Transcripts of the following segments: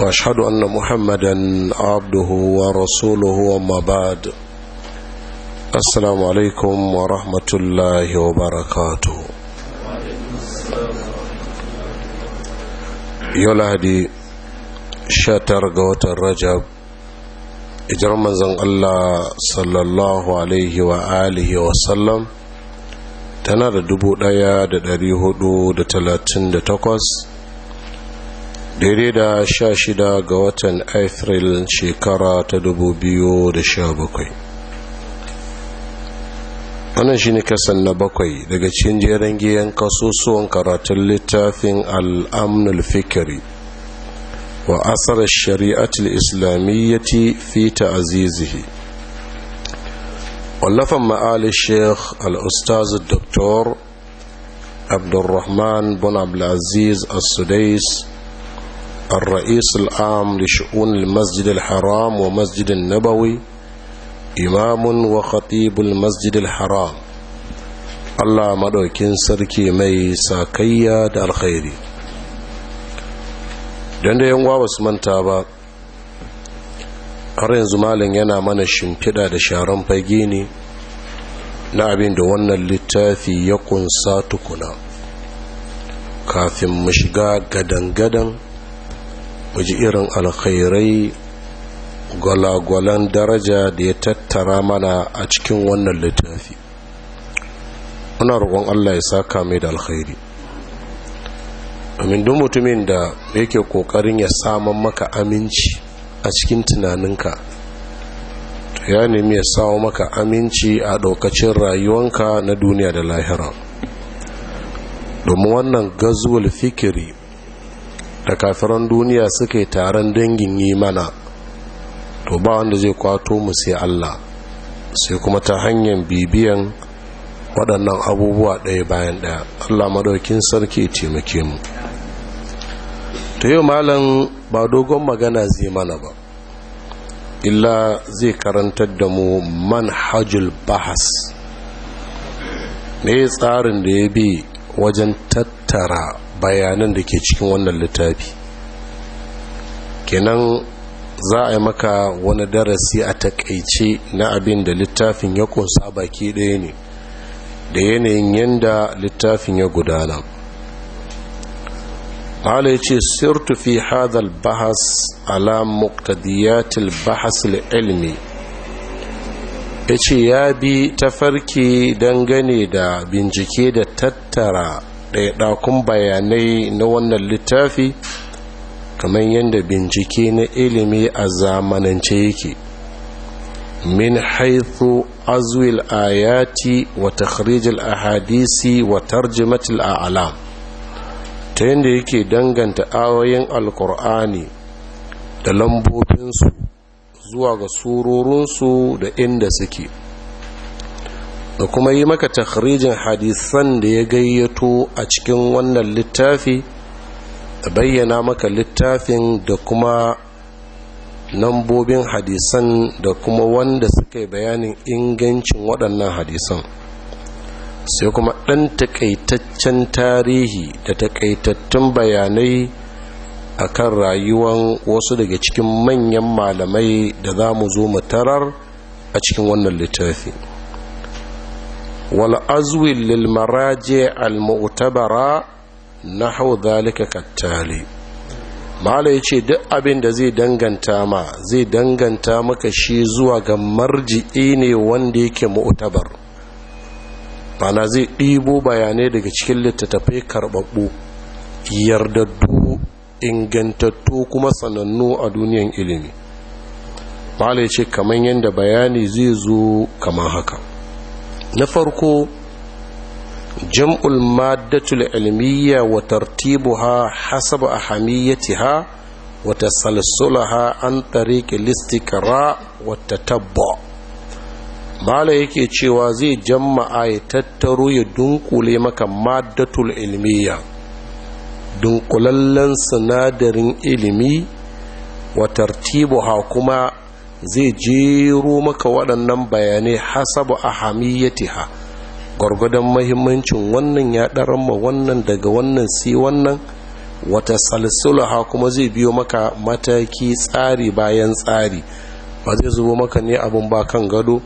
واشهد ان محمدا عبده ورسوله وما بعد السلام عليكم ورحمه الله وبركاته yau lahadi shatar ga watan rajab ijar manzan allah sallallahu alaihi wa alihi wa sallam tana da takwas. daidai da sha shida ga watan Afril shekara ta dubu biyu da sha bakwai. wannan shi ne kasan na bakwai daga cikin jeren giyan kasusuwan karatun littafin al'amnul fikiri wa asarar shari'atul islamiyyati fi ta'azizihi wallafan ma'ali sheikh al'ustaz Dr. abdulrahman bin abdulaziz as-sudais الرئيس العام لشؤون المسجد الحرام ومسجد النبوي إمام وخطيب المسجد الحرام الله مدعوك سركي مي ساكيا الخير dande yanwa ba su manta ba har yanzu malam yana mana shimfiɗa da sharan fage ne na abin da wannan littafi ya ƙunsa tukuna kafin mu shiga gadan-gadan waje irin alkhairai gwalagwalan daraja da ya tattara mana a cikin wannan littafi muna roƙon allah ya saka mai da alkhairi domin duk mutumin da yake ƙoƙarin ya saman maka aminci a cikin tunaninka to ya nemi ya samu maka aminci a ɗaukacin rayuwanka na duniya da lahira domin wannan gazuwar fikiri da kafiran duniya suke taron dangin yi mana to ba wanda zai kwato mu sai Allah sai kuma ta hanyar bibiyan waɗannan abubuwa ɗaya bayan ɗaya Allah madaukin sarki taimake mu to yau malam ba dogon magana zai mana ba illa zai karantar da mu manhajul bahas ne tsarin da ya bi wajen tattara bayanan da ke cikin wannan littafi kenan za a yi maka wani darasi a takaice na abin da littafin ya kunsa baki ɗaya ne da yanayin yadda littafin ya gudana ala ce sirtu fi hadal bahas ala muktadiyatil bahas ilmi ya ce ya bi tafarki dangane da bincike da tattara ɗaiɗakun bayanai na wannan littafi kamar yadda bincike na ilimi a zamanance yake min haithu azwil ayati wa takhrijil ahadisi wa tarjimatil a'lam ta yadda yake danganta ayoyin alkur'ani da lambobinsu zuwa ga surorinsu da inda suke da kuma yi maka takhrijin hadisan da ya gayyato a cikin wannan littafi da bayyana maka littafin da kuma lambobin hadisan da kuma wanda suka yi bayanin ingancin waɗannan hadisan sai kuma ɗan takaitaccen tarihi da takaitattun bayanai a kan rayuwan wasu daga cikin manyan malamai da za mu zo mu tarar a cikin wannan littafi wal azwi lil maraji al mu'tabara nahwu dhalika kattali mala yace duk abin da zai danganta ma zai danganta maka shi zuwa ga marji'i ne wanda yake mu'tabar bana zai ɗibo bayanai daga cikin littattafai karɓaɓɓu yardaddu ingantattu kuma sanannu a duniyan ilimi mala yace kaman yanda bayani zai zo kaman haka na farko jam'ul maddatul ilmiya wa tartibuha hasab ahamiyatiha wa tasalsulaha an tariqi listikra wa tabba. mala yake cewa zai jama'a ya tattaro ya dunkule maka maddatul ilmiya dunkulallen sinadarin ilimi wa tartibuha kuma zai jero maka waɗannan bayanai hasabu a ha gwargwadon mahimmancin wannan ya ma wannan daga wannan si wannan wata ha kuma zai biyo maka mataki tsari bayan tsari ba zai zubo maka ne abin ba kan gado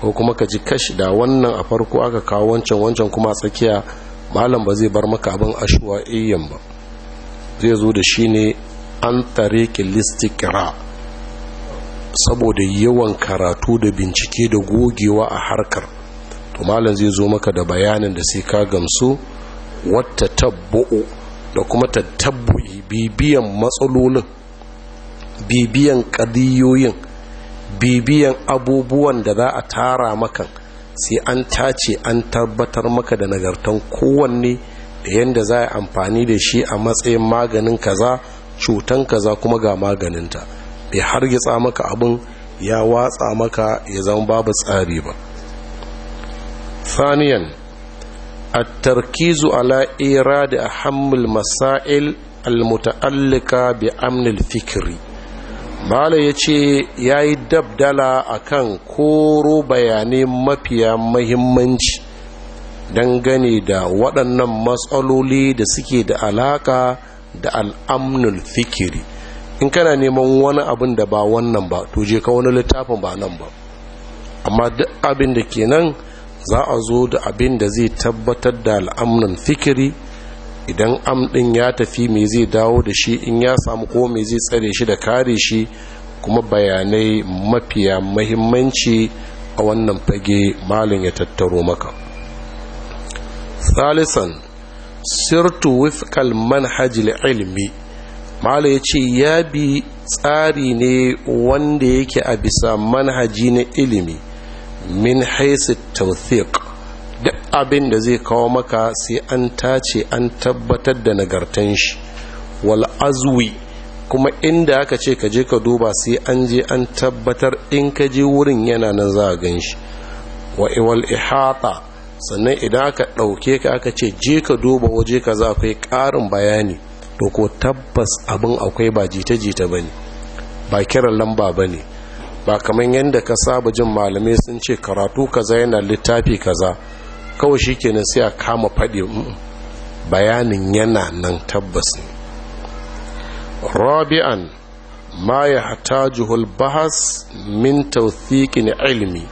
ko kuma ka ji kashi da wannan a farko aka kawo wancan wancan kuma tsakiya malam ba zai bar maka abin ashuwa iyan ba zai zo da shi ne an listi kira. saboda yawan karatu da bincike da gogewa a harkar to malam zai zo maka da bayanin da sai ka gamsu wata tabbu'u da kuma tattabbu'i bibiyan matsalolin bibiyan kadiyoyin bibiyan abubuwan da za a tara maka sai an tace an tabbatar maka da nagartan kowanne da yadda za a amfani da shi a matsayin maganin kaza cutan kaza kuma ga maganinta ya hargitsa maka abin ya watsa maka ya zama babu tsari ba saniyan a da على masa'il أهم المسائل bi بأمن fikiri Bala ya ce ya yi dabdala a kan koro bayanai mafiya mahimmanci dangane da waɗannan matsaloli da suke da alaka da al'amnul fikiri in kana neman wani abin da ba wannan ba to je ka wani littafin ba nan ba amma duk abin da ke nan za a zo da abin da zai tabbatar da al'amnan fikiri idan ɗin ya tafi mai zai dawo da shi in ya samu ko mai zai tsare shi da kare shi kuma bayanai mafiya mahimmanci a wannan fage malin ya tattaro maka salisan sirtu wifkal manhajil ilmi Malo ya ce ya bi tsari ne wanda yake a bisa manhaji na ilimi min haisu tauthiq duk abin da zai kawo maka sai an tace an tabbatar da nagartan shi wal azwi kuma inda aka ce ka je ka duba sai an je an tabbatar in ka je wurin yana nan za a gan shi wa iwal ihata sannan idan aka ɗauke ka aka ce je ka duba waje ka za kai ƙarin bayani to ko tabbas abin akwai ba jita-jita ba ne ba kiran lamba ba ne ba kamar yadda ka saba jin malamai sun ce karatu kaza yana littafi kaza kawai shi kenan sai a kama faɗi bayanin yana nan tabbas ne rabi'an ma ya juhul bahas min tawthiqin ilimi,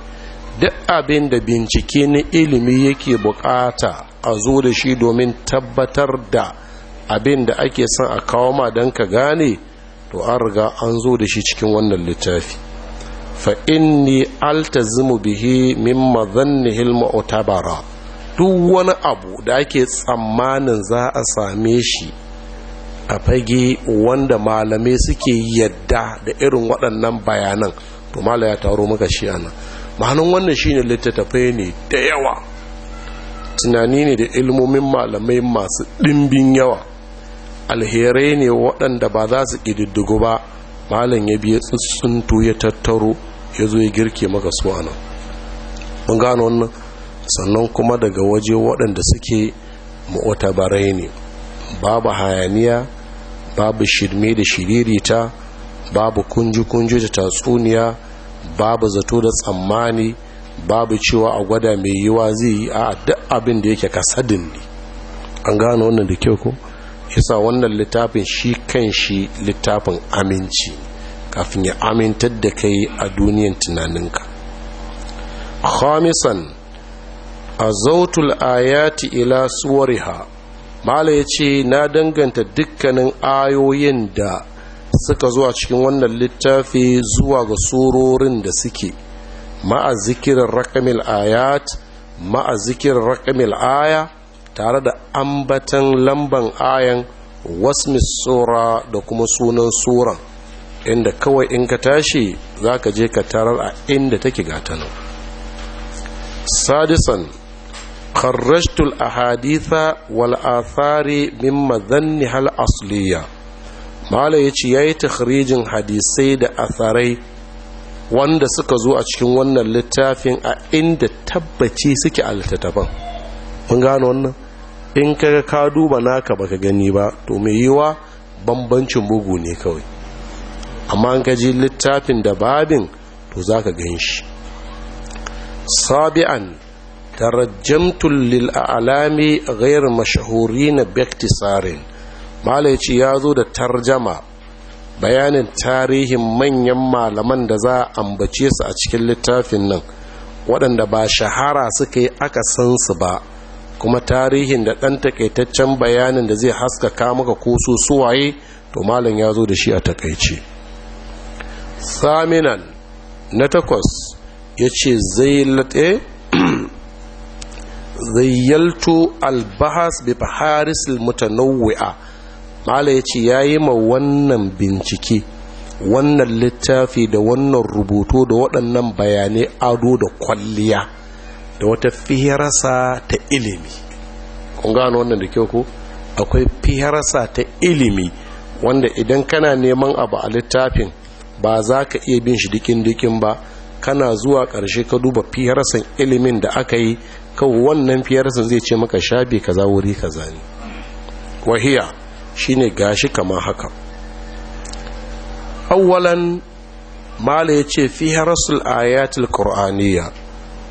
duk abin da bincike na ilimi yake bukata a zo da shi domin tabbatar da abin da ake son a kawo ma don ka gane to an riga an zo da shi cikin wannan littafi fa inni altazimu bihi mimma dhannihi otabara. duk wani abu da ake tsammanin za a same shi a fage wanda malamai suke yadda da irin waɗannan bayanan to mala ya taro maka shi anan ma'anin wannan shine littattafai ne da yawa tunani ne da ilmomin malamai masu ɗimbin yawa alherai ne waɗanda ba za su ƙididdigu ba malam ya biya tsuntsuntu ya tattaro ya zo ya girke maka su anan mun gano wannan sannan kuma daga waje waɗanda suke mu'tabarai ne babu hayaniya babu shirme da shiririta babu kunji-kunji da tatsuniya babu zato da tsammani babu cewa a gwada mai yiwa zai yi a duk abin da yake kasadin ne an gano wannan da kyau ko yasa wannan littafin shi kan shi littafin aminci kafin ya amintar da kai a duniyan tunaninka khamisan azautul ayati ila suwariha mala ya ce na danganta dukkanin ayoyin da suka zuwa cikin wannan littafi zuwa ga surorin da suke ma'a zikirin rakamil ayat ma'a rakamil aya tare da ambatan lamban ayan wasmis sura da kuma sunan suran inda kawai in ka tashi za ka je ka tarar a inda take gata nan sadisan kharrajtul ahaditha wal athari min dhanni hal asliya mala yace yayi takhrijin hadisai da atharai wanda suka zo a cikin wannan littafin a inda tabbaci suke a mun gano wannan in kaga ka duba naka baka gani ba to mai yiwa bambancin bugu ne kawai amma an gaji littafin da babin to zaka gan shi sabi'an tarajjamtul lil a'lami ghayr mashhurin biiktisarin malai ce ya zo da tarjama bayanin tarihin manyan malaman da za a ambace su a cikin littafin nan waɗanda ba shahara suka yi aka san su ba kuma tarihin da ɗan takaitaccen bayanin da zai haskaka maka ko su suwaye to malam ya zo da shi a takaice saminan na takwas ya ce zailate eh, zayyalto albahas bi faharis mutanawwi'a malam ya ce ya yi ma wannan bincike wannan littafi da wannan rubutu da waɗannan bayanai ado da kwalliya da wata fiharsa ta ilimi kun gano wannan da kyau ko akwai fiharsa ta ilimi wanda idan kana neman abu a littafin ba za ka iya bin shi dikin-dikin ba kana zuwa ƙarshe ka duba fihirarsan ilimin da aka yi kawo wannan fiyarsa zai ce maka ka kaza wuri ka zane. wahiya shine gashi kama haka awwalan mala ya ce harasul ayatul qur'aniyya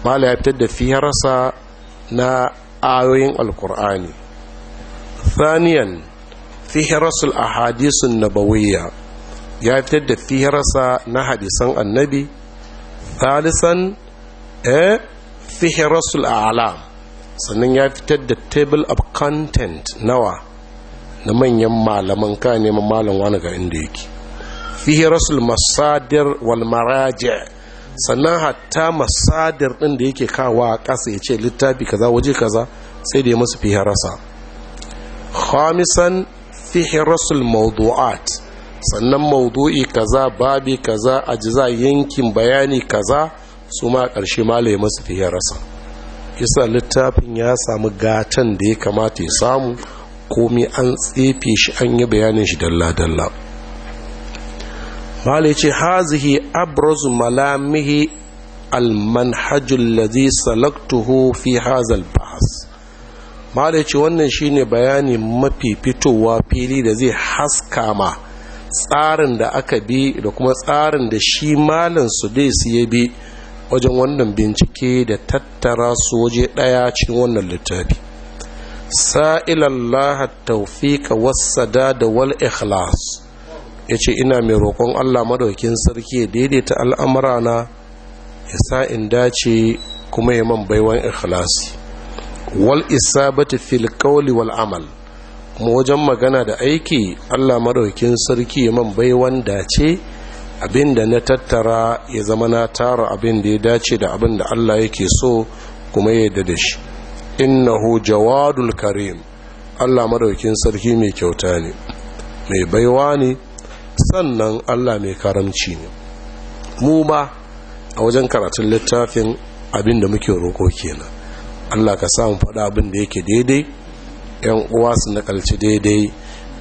mala ya fitar da fiyarsa na ayoyin alkur'ani thaniyan fihrasul ahadisun nabawiyya ya fitar da fiyarsa na hadisan annabi thalisan eh fihrasul a'lam sannan ya fitar da table of content nawa na manyan malaman ka neman malam wani ga inda yake fihrasul masadir wal maraji' sannan hatta masadir ɗin da yake kawa a ƙasa ya ce littafi kaza waje kaza sai da ya musu fihirasa khamisan harasul mawdu'at sannan mawdu'i kaza babi kaza ajiza yankin bayani kaza su ma ƙarshe masu musu harasa isa littafin ya samu gatan da ya kamata ya samu komai an tsefe shi an yi bayanin shi dalla-dalla malai ce hazihi abrazu malamihi almanhajul ladhi salaktuhu fi hazal ba'as malai ce wannan shine bayani mafi fitowa fili da zai haska ma tsarin da aka bi da kuma tsarin da shi malam su dai su ya bi wajen wannan bincike da tattara su waje daya cikin wannan littafi sa'ilallaha tawfiqa was sada da wal ikhlas ya ce ina mai roƙon allah maɗaukin sarki ya daidaita al'amura na ya sa in dace kuma ya man baiwan ikhlasi wal isa isabati fil kawali wal amal kuma wajen magana da aiki allah maɗaukin sarki ya man baiwan dace abin da na tattara ya zama na tara abin da ya dace da abin da allah yake so kuma ya da shi innahu jawadul karim allah maɗaukin sarki mai kyauta ne mai baiwa ne sannan Allah mai karamci ne mu ba a wajen karatun littafin abin da muke roƙo kenan Allah ka samu faɗa abin da yake daidai yan uwa su nakalci daidai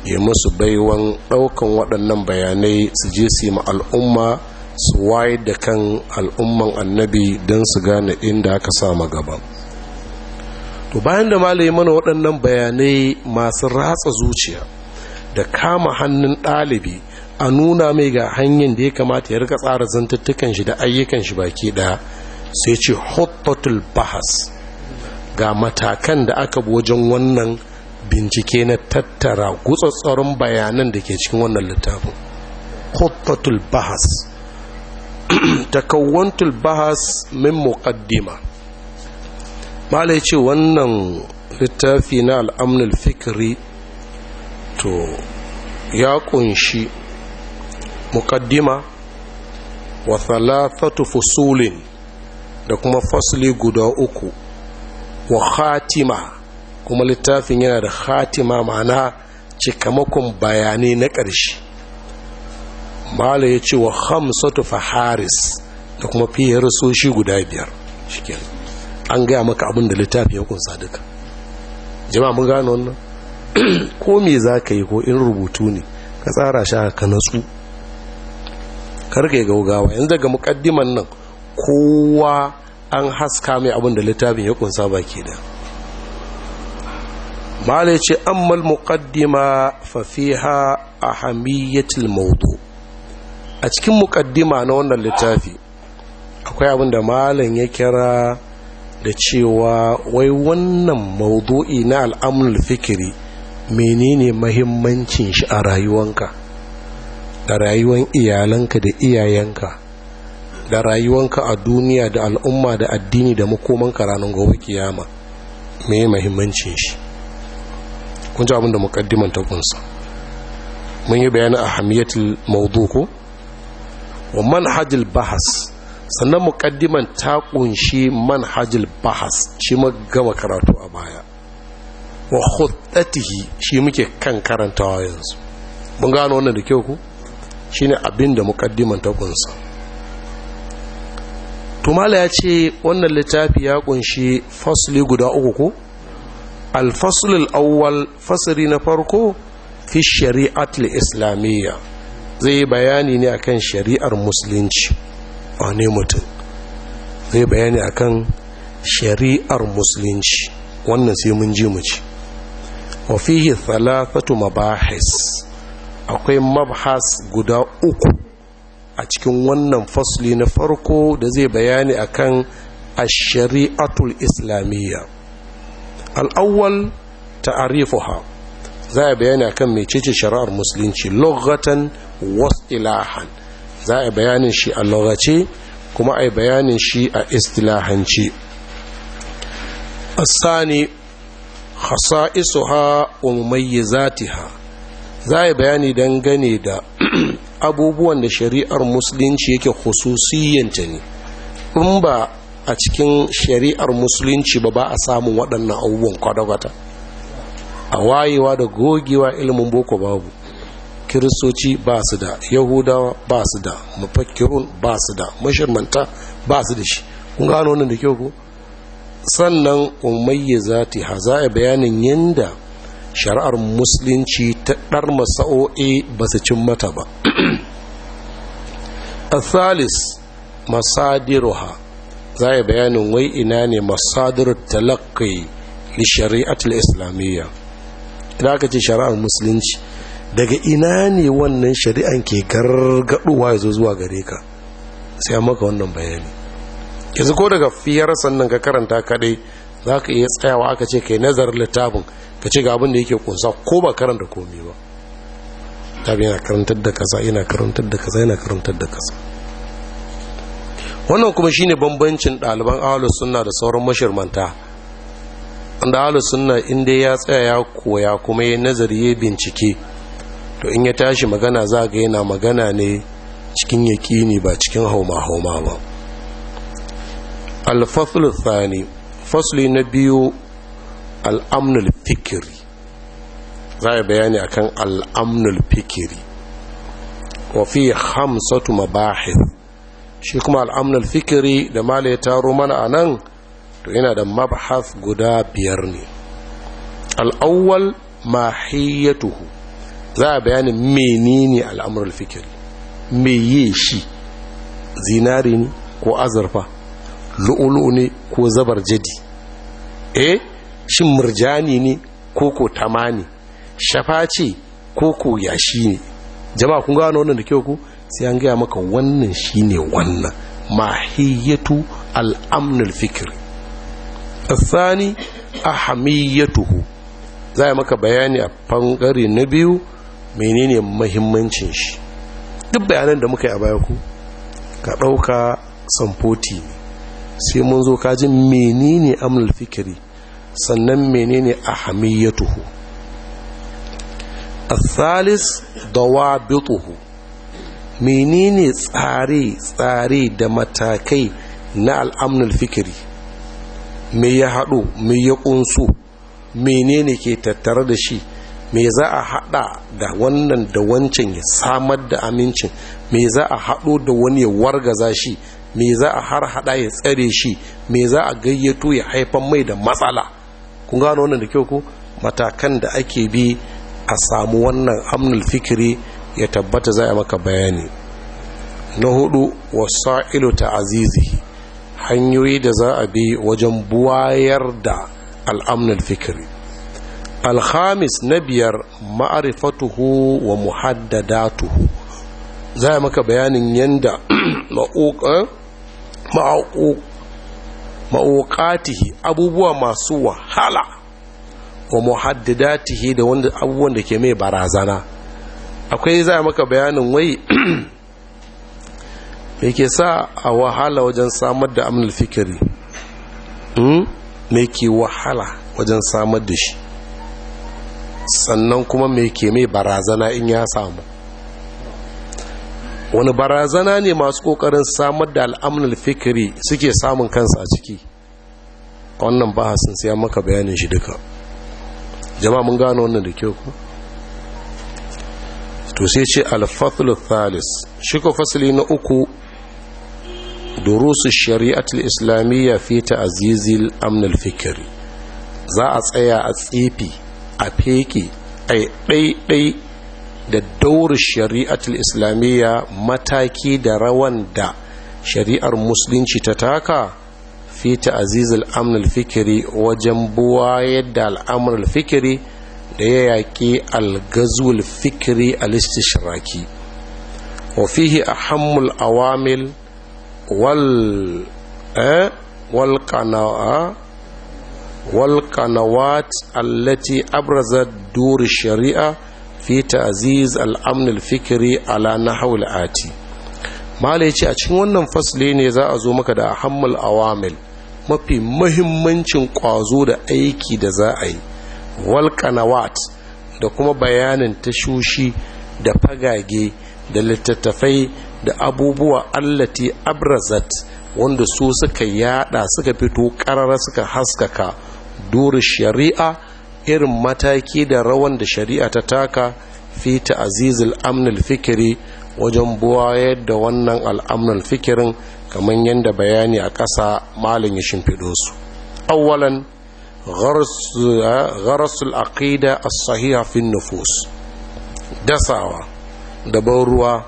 ya musu baiwan ɗaukan waɗannan bayanai su je su ma al'umma su waye da kan al'umman annabi don su gane inda aka sama gaba to bayan da malaye mana waɗannan bayanai masu ratsa zuciya da kama hannun ɗalibi a nuna mai ga hanyar da ya kamata ya rika tsara zantattukan shi da ayyukan shi baki ɗaya sai ce hototul bahas ga matakan da aka bi wajen wannan bincike na tattara gutsatsarin bayanan da ke cikin wannan littafin hototul bahas takawwantul bahas min muqaddima malai ce wannan littafi na al'amnul fikiri to ya kunshi Mukaddima wa thalathatu fusulin da kuma fasli guda uku wa khatima kuma littafin yana da khatima ma'ana cikamakon bayanai na ƙarshe mala ya ce wa hamsatu faharis da kuma fiye soshi guda biyar an gaya maka abin da littafi ya kunsa duka jama'a mun gano wannan ko me za ka yi ko in rubutu ne ka tsara shi ka natsu ga gaugawa yanzu daga mukaddiman nan kowa an haska mai abin da littafin ya kunsa ke da mala ya ce ammal muqaddima fa a ahammiyatul maudu a cikin mukaddima na wannan littafi akwai abin da malam ya kira da cewa wai wannan maudu'i na al'amnul fikiri menene mahimmancin shi a rayuwanka da rayuwan iyalanka da iyayenka da rayuwanka a duniya da al'umma da addini da makomanka ranar gobe kiyama mai mahimmancin shi kun ji abin da mukaddiman ta kunsa mun yi bayanin ahamiyatul mawdu ko wa manhajul bahas sannan mukaddiman ta kunshi manhajul bahas shi ma gama karatu a baya wa khuddatihi shi muke kan karantawa yanzu mun gano wannan da kyau ku shine abin da mukaddiman ta kunsa tumala ya ce wannan littafi ya kunshi fasli guda uku ko al awwal fasli na farko fi shari'at islamiyya zai bayani ne akan shari'ar musulunci ne mutum zai bayani akan shari'ar musulunci wannan sai mun ji mu ci wa fihi thalathatu mabahis akwai mabhas guda uku a cikin wannan fasli na farko da zai bayani akan ash-shari'atul islamiyya al-awwal ta'rifuha za a bayani akan mecece shari'ar musulunci lughatan was ilahan za a bayanin shi a lughace kuma a bayanin shi a istilahanci asani khasa'isuha wa mumayyizatiha za a bayani dangane da abubuwan da shari'ar musulunci yake khususiyyanta ne in ba a cikin shari'ar musulunci ba ba a samun waɗannan abubuwan kwadagwata a wayewa da gogewa ilimin boko babu kiristoci ba su da yahudawa ba su da mafakirun ba su da mashirmanta ba su da shi kun gano wannan da kyau ku sannan umayya za ta haza bayanin yadda shari'ar musulunci ta ɗar masa'o'i ba su cin mata ba athalis masadiruha za a bayanin wai ina ne masadiru talakai li shari'atul islamiyya ina aka ce shari'ar musulunci daga ina ne wannan shari'an ke gargaduwa ya zo zuwa gare ka sai maka wannan bayani yanzu ko daga fiyar sannan ka karanta kaɗai. za ka iya tsayawa aka ce kai nazarin littafin ka ce ga abin da yake kunsa ko ba karanta komi ba ta yana karantar da kasa yana karantar da kasa yana karantar da kasa wannan kuma shine bambancin ɗaliban ahalus sunna da sauran mashirmanta wanda ahalus sunna inda ya tsaya ya koya kuma ya nazari ya bincike to in ya tashi magana za ga yana magana ne cikin yaƙini ba cikin hauma-hauma ba alfasul thani fasli na biyu al'amnul fikiri za a bayani akan al'amnul fikiri wafi hamsatu mabahith shi kuma al'amnul fikiri da mala ya taro mana a nan to yana da mabhath guda biyar ne al'awwal mahiyyatuhu za a bayani menene al'amnul fikiri me yi shi zinari ko azurfa lu'ulu ne ko zabar jadi eh shin murjani ne ko ko tamani shafa ce ko ko yashi ne jama'a kun gano wannan da kyau ku sai an gaya maka wannan shine wannan mahiyatu al-amn al-fikri الثاني ahamiyatuhu za a maka bayani a bangare na biyu menene mahimmancin shi duk bayanan da muka yi a baya ku ka ɗauka samfoti ne sai mun zo kajin menene amnal fikiri sannan menene ahamiyatuhu athalis dawabituhu menene tsare tsare da matakai na al'amnal fikiri me ya haɗo me ya ƙunsu, menene ke tattare da shi me za a hada da wannan da wancan ya samar da amincin me za a hado da wani ya wargaza shi me za a har hada ya tsare shi me za a gayyato ya haifan mai da matsala kun gano wannan da kyau ko matakan da ake bi a samu wannan amnul fikiri ya tabbata za a maka bayani na hudu ta azizi hanyoyi da za a bi wajen buwayar da al'amnul fikiri alhamis na biyar ma'arifatuhu wa muhaddadatuhu za a maka bayanin yanda Eh? ma'auƙatihi abubuwa masu wahala wa muhaddidatihi da wanda abubuwan da ke mai barazana akwai za maka bayanin wai me ke sa a wahala wajen samar da amnul fikiri hmm? me ke wahala wajen samar da shi sannan kuma me ke mai barazana in ya samu wani barazana ne masu kokarin samar da al'amnul fikiri suke samun kansa a ciki wannan ba hasin sai maka bayanin shi duka jama'a mun gano wannan da kyau ku to sai ce al shi ko fasali na uku durusu shari'atul islamiyya fi ta'zizil amnul fikiri za a tsaya a tsifi a feki ai ɗaiɗai da daur shari'atul islamiyya mataki da rawan da shari'ar musulunci ta taka fi ta'aziz al-amn fikri wajen buwayar da al'amr fikiri fikri da ya yaƙi al a al-fikri al-istishraki wa fihi ahammul awamil wal eh wal qana'a والقنوات fi ta'aziz al-amn al-fikri ala nahw al-ati mala yace a cikin wannan fasle ne za a zo maka da ahammal awamil mafi mahimmancin kwazo da aiki da za a yi walkanawat da kuma bayanin tashoshi da fagage da littattafai da abubuwa allati abrazat wanda su suka yada suka fito karara suka haskaka duri shari'a irin mataki da rawan da shari'a ta taka fi ta'azizul amnul fikiri wajen buwayar da wannan al'amnul fikirin kamar yadda bayani a ƙasa malin ya shimfiɗo su awwalan eh, gharasul aqida a sahiha fi nufus dasawa da ban ruwa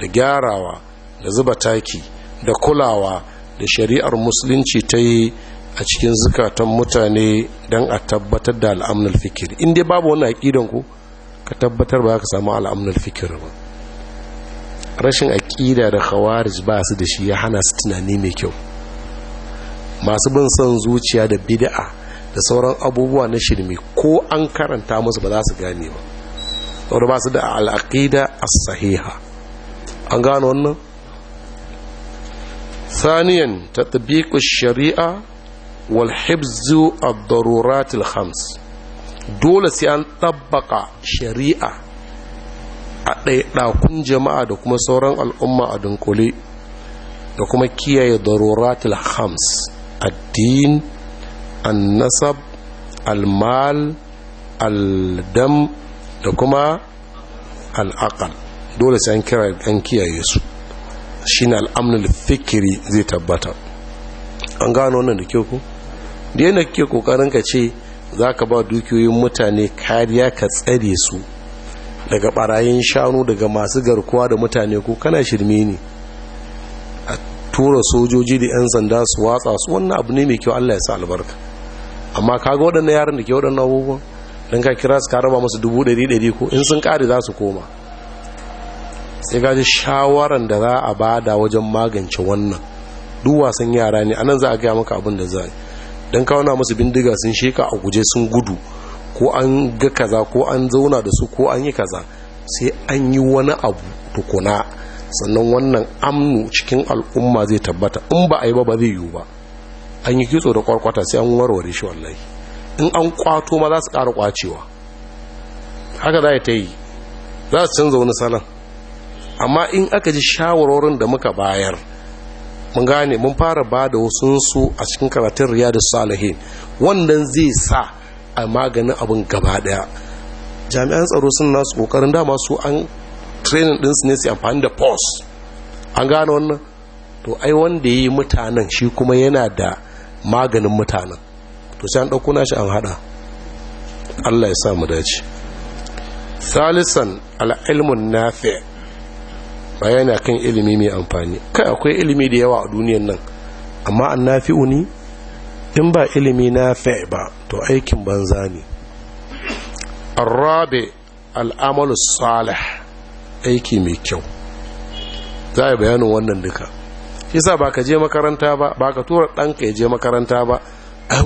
da gyarawa da zuba taki da kulawa da shari'ar musulunci ta yi a cikin zukatan mutane don a tabbatar da al'amnal fikir in dai babu wani aƙidan ku ka tabbatar ba ka samu al'amnal fikir ba rashin aƙida da khawarij ba su da shi ya hana su tunani mai kyau masu bin son zuciya da bida'a da sauran abubuwa na shirme ko an karanta musu ba za su gane ba da ba su da al'aƙida a sahiha an gano wannan tabi ku shari'a. walhibzu a ad hams dole sai an tabbaka shari'a a ɗaiɗakun jama'a da kuma sauran al'umma a dunkule da kuma kiyaye darurat hams addin an-nasab al-mal al-dam da kuma al dole sai an kira an kiyaye su shine ne amnul fikiri zai tabbata an gano wannan da kyau ko da yana kake kokarin ka ce za ka ba dukiyoyin mutane kariya ka tsare su daga barayin shanu daga masu garkuwa da mutane ko kana shirme ne a tura sojoji da 'yan sanda su watsa su wannan abu ne mai kyau allah ya sa albarka amma kaga waɗannan yaran da ke waɗannan abubuwan don ka kira su ka raba masu dubu ɗari ɗari ko in sun ƙare za su koma sai gaji shawaran da za a bada wajen magance wannan duk wasan yara ne anan za a gaya maka abin da za yi don kawana musu bindiga sun sheka a guje sun gudu ko an ga kaza ko an zauna da su ko an yi kaza sai an yi wani abu tukuna sannan wannan amnu cikin al'umma zai tabbata in ba a yi ba ba zai yiwu ba an yi kitso da kwarkwata sai an warware shi wallahi in an kwato ma za su ƙara kwacewa haka za ta yi za su canza wani salon amma in aka ji shawarorin da muka bayar mun gane mun fara ba da wasunsu a cikin karatun riyadu salihin wannan zai sa a maganin abin gaba daya jami'an tsaro sun nasu kokarin dama su an training din su ne su amfani da pos an gane wannan to ai wanda yi mutanen shi kuma yana da maganin mutanen to sai an ɗauko nashi an hada Allah ya sa mu dace salisan al-ilmun nafi' ba yana kan ilimi mai amfani kai akwai ilimi da yawa a duniyan nan amma an nafi uni in ba ilimi na ba to aikin banza ne arabe al'amalu salih aiki mai kyau za a bayanin wannan duka isa ba ka je makaranta ba ba ka tura ɗanka ya je makaranta ba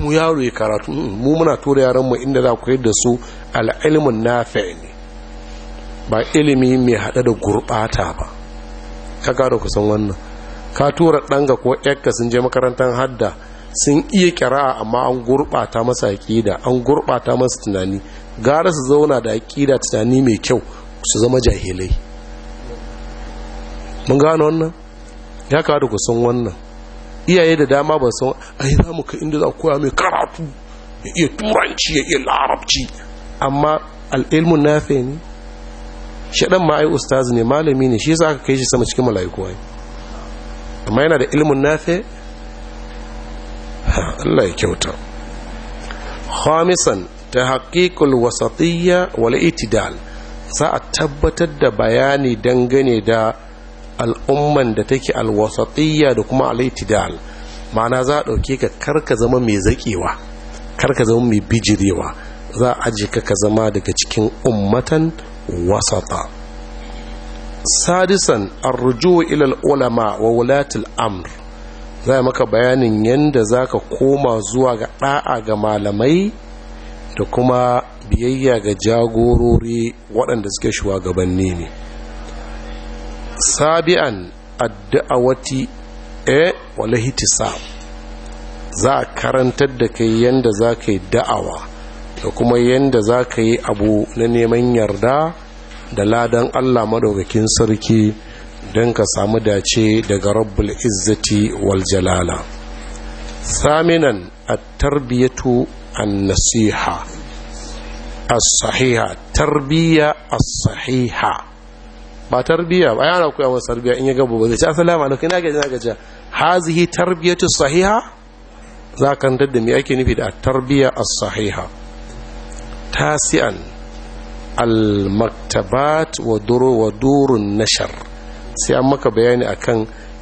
mu yaro ya karatu mm, mu muna tura yaran mu inda za ku da su al'ilmin nafi ne ba ilimi mai haɗe da gurɓata ba ka gado ku san wannan ka tura ga ko yakka sun je makarantar hadda sun iya kira'a amma an gurɓata masa aƙida an gurbata masa tunani gara su zauna da aƙida tunani mai kyau su zama jahilai mun gano wannan ya gado da kusan wannan iyaye da dama ba san ai za mu ka inda za koya mai karatu ya iya turanci ya iya larabci amma al'ilmun nafe ne shaɗan ma ai ustazi ne malami ne shi yasa aka kai shi sama cikin mala'iku ai amma yana da ilmin nafi Allah ya kyauta khamisan tahqiqul wasatiyya wal itidal za a tabbatar da bayani dangane da al'umman da take alwasatiyya da kuma al'itidal ma'ana za a ɗauke ka karka zama mai zaƙewa karka zama mai bijirewa za a ajiye ka zama daga cikin ummatan wasata sadisan الرجوع ilal ulama wa wulatul amr zai maka bayanin yadda ka koma zuwa ga ga malamai da kuma biyayya ga jagorori waɗanda suke shugabanni ne sabi'an wati, e eh, wala za a karantar da kai yadda za ka yi da'awa da kuma yadda za ka yi abu na neman yarda da ladan allah madaukakin sarki don ka samu dace daga rabbul izzati wal jalala saminan a tarbiyatu an nasiha as-sahiha tarbiya as-sahiha ba tarbiya ba yana koya masa tarbiyya in ya gaba ba zai ci assalamu alaikum ina gaji ina gaji hazihi tarbiyatu sahiha za ka da me ake nufi da tarbiya as-sahiha tasi'an al-maktabat wa durun nashar sai an maka bayani akan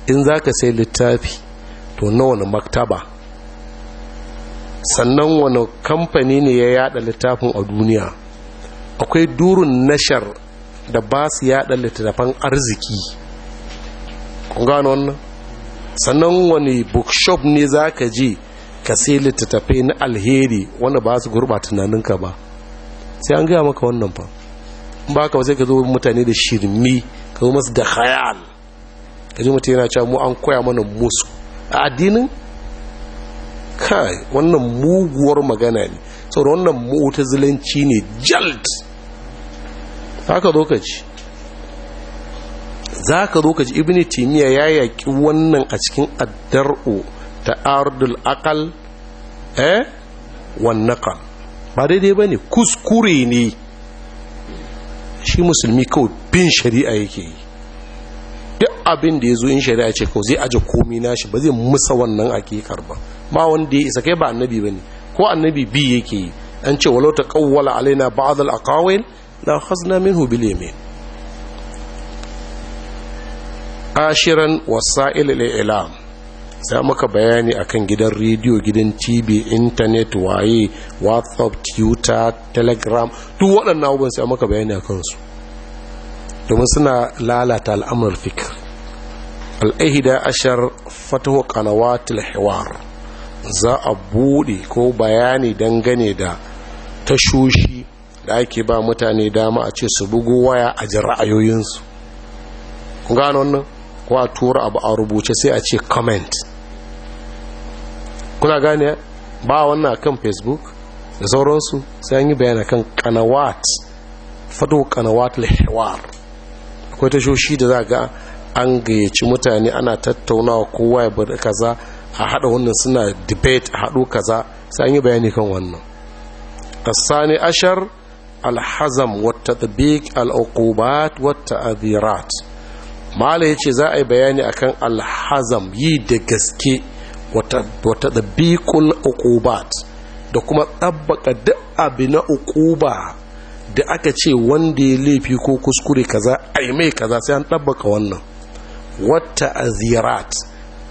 in zaka sai littafi to na wani maktaba sannan wani kamfani ne ya yada littafin a duniya akwai durun nashar da ba su yada littattafan arziki kun gano wannan sannan wani bookshop ne zaka je ka sai littattafai na alheri wanda ba su gurɓa tunaninka ba sai an gaya maka wannan fa ba ka sai ka zo mutane da shirmi ka zo masu da khayal ka ji mutum yana cewa mu an koya mana musu a addinin kai wannan muguwar magana ne saboda wannan mu'tazilanci ne jalt haka zo ka ji. za ka zo ka ji ibn timiya ya yaƙi wannan a cikin addar'u ta ardul aqal eh wannan ba daidai ba ne kuskure ne shi musulmi kawai bin shari'a yake yi duk abin da ya zo in shari'a ce kawai zai aje komi nashi ba zai musa wannan karba ba ma wanda ya isa kai ba annabi ba ne ko annabi bi yake yi an ce walau ta kawwala alaina ba'd al-aqawil la khazna minhu bil yamin ashiran wasa'il al-ilam za maka bayani akan gidan rediyo gidan tv intanet waye whatsapp twitter telegram duk waɗannan abubuwan sai maka bayani akan su domin suna lalata al'amur fikir al'ahida ashar fatahu qanawatil hiwar za a buɗe ko bayani dangane da tashoshi da ake ba mutane dama a ce su bugu waya a ji ra'ayoyinsu gano wannan ko a tura abu a rubuce sai a ce comment kuna gane ba wannan kan facebook da sauransu sai an yi bayana kan kanawat fado kanawat lahewar akwai ta shoshi da za ga an gayyaci mutane ana tattaunawa kowa ya bada kaza a hada wannan suna debate a hadu kaza sai an yi bayani kan wannan asani ashar alhazam wata tabik al'uqubat wata abirat mala ya ce za a yi bayani akan alhazam yi da gaske wata da bikul ukubat da kuma tsabbaka duk abu na ukuba da aka ce wanda ya laifi ko kuskure kaza ai mai kaza sai an ɗabbaka wannan wata azirat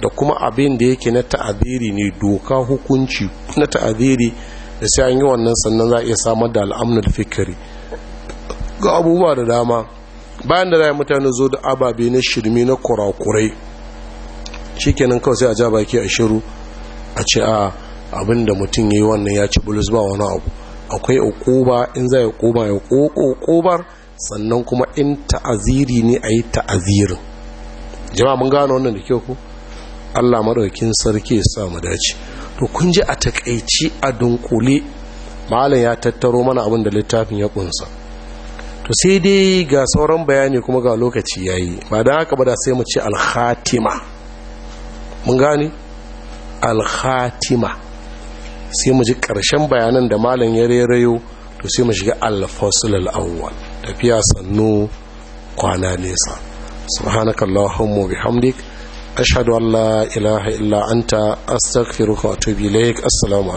da kuma abin da yake na ta'aziri ne doka hukunci na ta'aziri da sai an yi wannan sannan za a iya samar da al'amnul fikiri ga abubuwa da dama bayan da za mutane zo da ababe na shirme na kurakurai shikenan kawai sai a ja baki a shiru a ce a abinda mutum yayi wannan ya ci bulus ba wani abu akwai ukuba in zai ukuba ya uqubar sannan kuma in ta'aziri ne ayi ta'azirin jama'a mun gano wannan da kyau ku Allah madaukakin sarki ya sa mu dace to kun ji a takaici a dunkule malam ya tattaro mana abin da littafin ya kunsa to sai dai ga sauran bayani kuma ga lokaci yayi ba da haka ba da sai mu ce al mun gane alhatima sai mu ji ƙarshen bayanan da malam ya rerayo to sai mu shiga alfasul al'awwal tafiya sannu kwana nesa subhanakallahumma bihamdik ashhadu an la ilaha illa anta astaghfiruka wa atubu ilaik assalamu